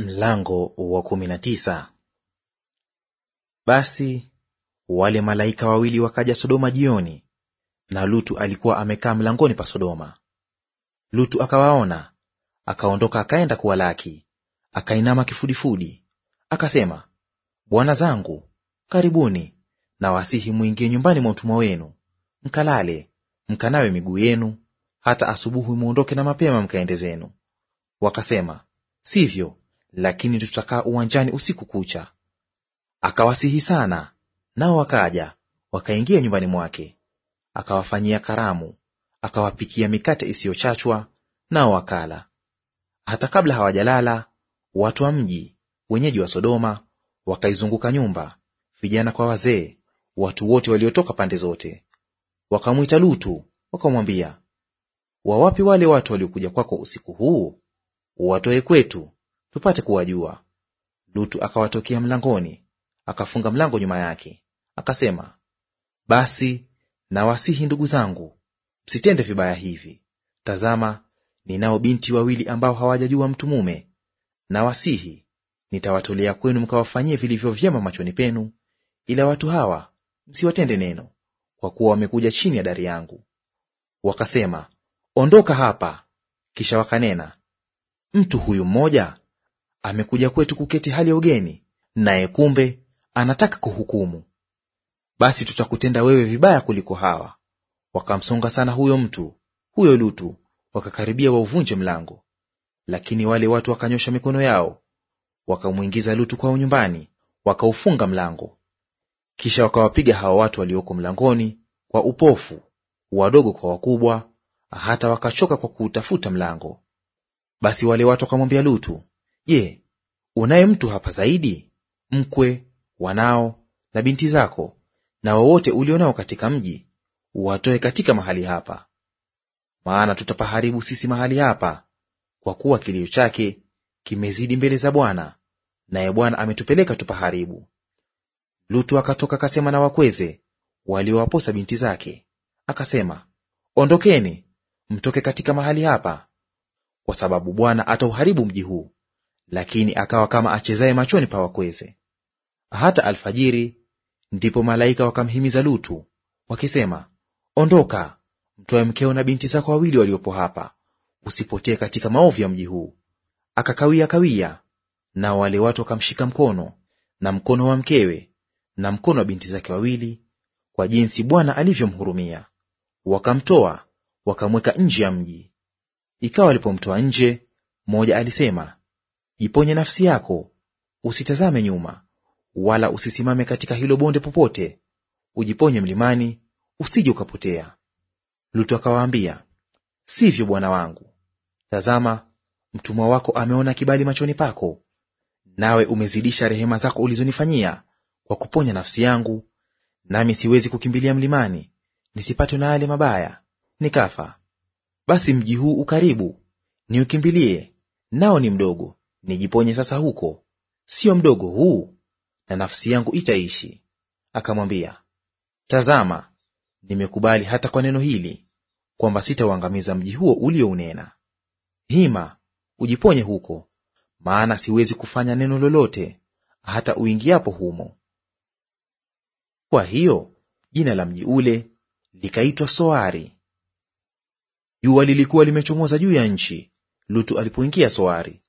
Mlango wa kumi na tisa. Basi wale malaika wawili wakaja Sodoma jioni, na Lutu alikuwa amekaa mlangoni pa Sodoma. Lutu akawaona, akaondoka akaenda kuwalaki, akainama kifudifudi, akasema, Bwana zangu, karibuni, na wasihi mwingie nyumbani mwa mtumwa wenu, mkalale, mkanawe miguu yenu, hata asubuhi muondoke na mapema mkaende zenu. Wakasema, sivyo lakini tutakaa uwanjani usiku kucha. Akawasihi sana, nao wakaja wakaingia nyumbani mwake. Akawafanyia karamu, akawapikia mikate isiyochachwa, nao wakala. Hata kabla hawajalala, watu wa mji, wenyeji wa Sodoma, wakaizunguka nyumba, vijana kwa wazee, watu wote waliotoka pande zote. Wakamwita Lutu, wakamwambia, wawapi wale watu waliokuja kwako usiku huu? Watoe kwetu, tupate kuwajua. Lutu akawatokea mlangoni, akafunga mlango nyuma yake, akasema, basi nawasihi ndugu zangu, msitende vibaya hivi. Tazama, ninao binti wawili ambao hawajajua mtu mume; nawasihi, nitawatolea kwenu, mkawafanyie vilivyo vyema machoni penu, ila watu hawa msiwatende neno, kwa kuwa wamekuja chini ya dari yangu. Wakasema, ondoka hapa. Kisha wakanena, mtu huyu mmoja amekuja kwetu kuketi hali ya ugeni, naye kumbe anataka kuhukumu. Basi tutakutenda wewe vibaya kuliko hawa. Wakamsonga sana huyo mtu huyo Lutu, wakakaribia wauvunje mlango. Lakini wale watu wakanyosha mikono yao, wakamwingiza Lutu kwao nyumbani, wakaufunga mlango. Kisha wakawapiga hawa watu walioko mlangoni kwa upofu, wadogo kwa wakubwa, hata wakachoka kwa kuutafuta mlango. Basi wale watu wakamwambia Lutu, Je, unaye mtu hapa zaidi? Mkwe, wanao na binti zako na wowote ulio nao katika mji, uwatoe katika mahali hapa. Maana tutapaharibu sisi mahali hapa, kwa kuwa kilio chake kimezidi mbele za Bwana, naye Bwana ametupeleka tupaharibu. Lutu akatoka akasema na wakweze waliowaposa binti zake, akasema, ondokeni, mtoke katika mahali hapa, kwa sababu Bwana atauharibu mji huu lakini akawa kama achezaye machoni pa wakweze. Hata alfajiri ndipo malaika wakamhimiza Lutu wakisema, Ondoka, mtoe mkeo na binti zako wawili waliopo hapa, usipotee katika maovu ya mji huu. Akakawia kawia, nao wale watu wakamshika mkono na mkono wa mkewe na mkono wa binti zake wawili, kwa jinsi Bwana alivyomhurumia, wakamtoa wakamweka nje ya mji. Ikawa walipomtoa nje, mmoja alisema Jiponye nafsi yako, usitazame nyuma, wala usisimame katika hilo bonde popote; ujiponye mlimani, usije ukapotea. Lutu akawaambia, sivyo, bwana wangu. Tazama, mtumwa wako ameona kibali machoni pako, nawe umezidisha rehema zako ulizonifanyia kwa kuponya nafsi yangu, nami siwezi kukimbilia mlimani nisipatwe na yale mabaya nikafa. Basi mji huu ukaribu, niukimbilie, nao ni mdogo, nijiponye sasa huko, sio mdogo huu, na nafsi yangu itaishi. Akamwambia, tazama, nimekubali hata kwa neno hili, kwamba sitauangamiza mji huo uliounena. Hima, ujiponye huko, maana siwezi kufanya neno lolote hata uingiapo humo. Kwa hiyo jina la mji ule likaitwa Soari. Jua lilikuwa limechomoza juu ya nchi Lutu alipoingia Soari,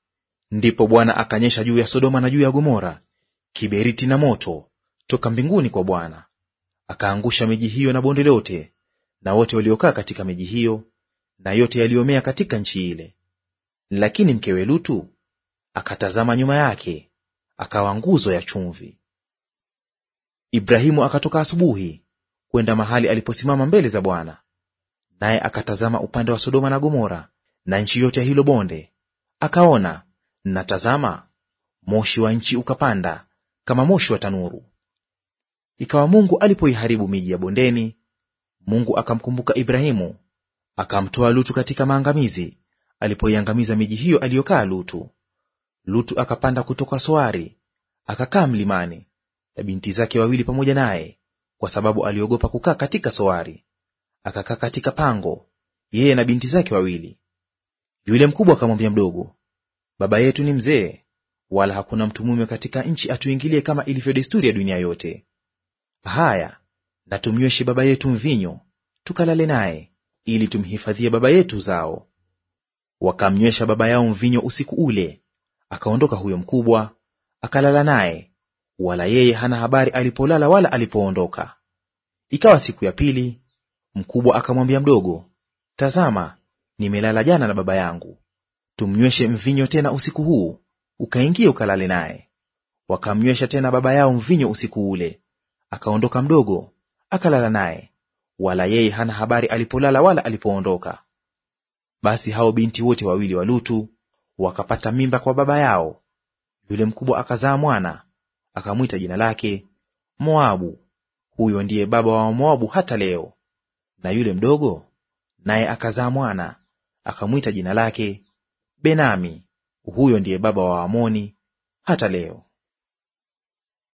Ndipo Bwana akanyesha juu ya Sodoma na juu ya Gomora kiberiti na moto toka mbinguni kwa Bwana, akaangusha miji hiyo na bonde lote na wote waliokaa katika miji hiyo na yote yaliyomea katika nchi ile. Lakini mkewe Lutu akatazama nyuma yake, akawa nguzo ya chumvi. Ibrahimu akatoka asubuhi kwenda mahali aliposimama mbele za Bwana, naye akatazama upande wa Sodoma na Gomora na nchi yote ya hilo bonde, akaona na tazama, moshi wa nchi ukapanda kama moshi wa tanuru. Ikawa Mungu alipoiharibu miji ya bondeni, Mungu akamkumbuka Ibrahimu, akamtoa Lutu katika maangamizi, alipoiangamiza miji hiyo aliyokaa Lutu. Lutu akapanda kutoka Soari, akakaa mlimani na binti zake wawili pamoja naye, kwa sababu aliogopa kukaa katika Soari. Akakaa katika pango, yeye na binti zake wawili. Yule mkubwa akamwambia mdogo, baba yetu ni mzee, wala hakuna mtu mume katika nchi atuingilie kama ilivyo desturi ya dunia yote. Haya, na tumnyweshe baba yetu mvinyo, tukalale naye, ili tumhifadhie baba yetu zao. Wakamnywesha baba yao mvinyo usiku ule, akaondoka huyo mkubwa, akalala naye, wala yeye hana habari alipolala wala alipoondoka. Ikawa siku ya pili, mkubwa akamwambia mdogo, Tazama, nimelala jana na baba yangu, tumnyweshe mvinyo tena usiku huu, ukaingie ukalale naye. Wakamnywesha tena baba yao mvinyo usiku ule, akaondoka mdogo akalala naye, wala yeye hana habari alipolala wala alipoondoka. Basi hao binti wote wawili wa Lutu wakapata mimba kwa baba yao. Yule mkubwa akazaa mwana, akamwita jina lake Moabu; huyo ndiye baba wa Moabu hata leo. Na yule mdogo naye akazaa mwana, akamwita jina lake Benami huyo ndiye baba wa Waamoni hata leo.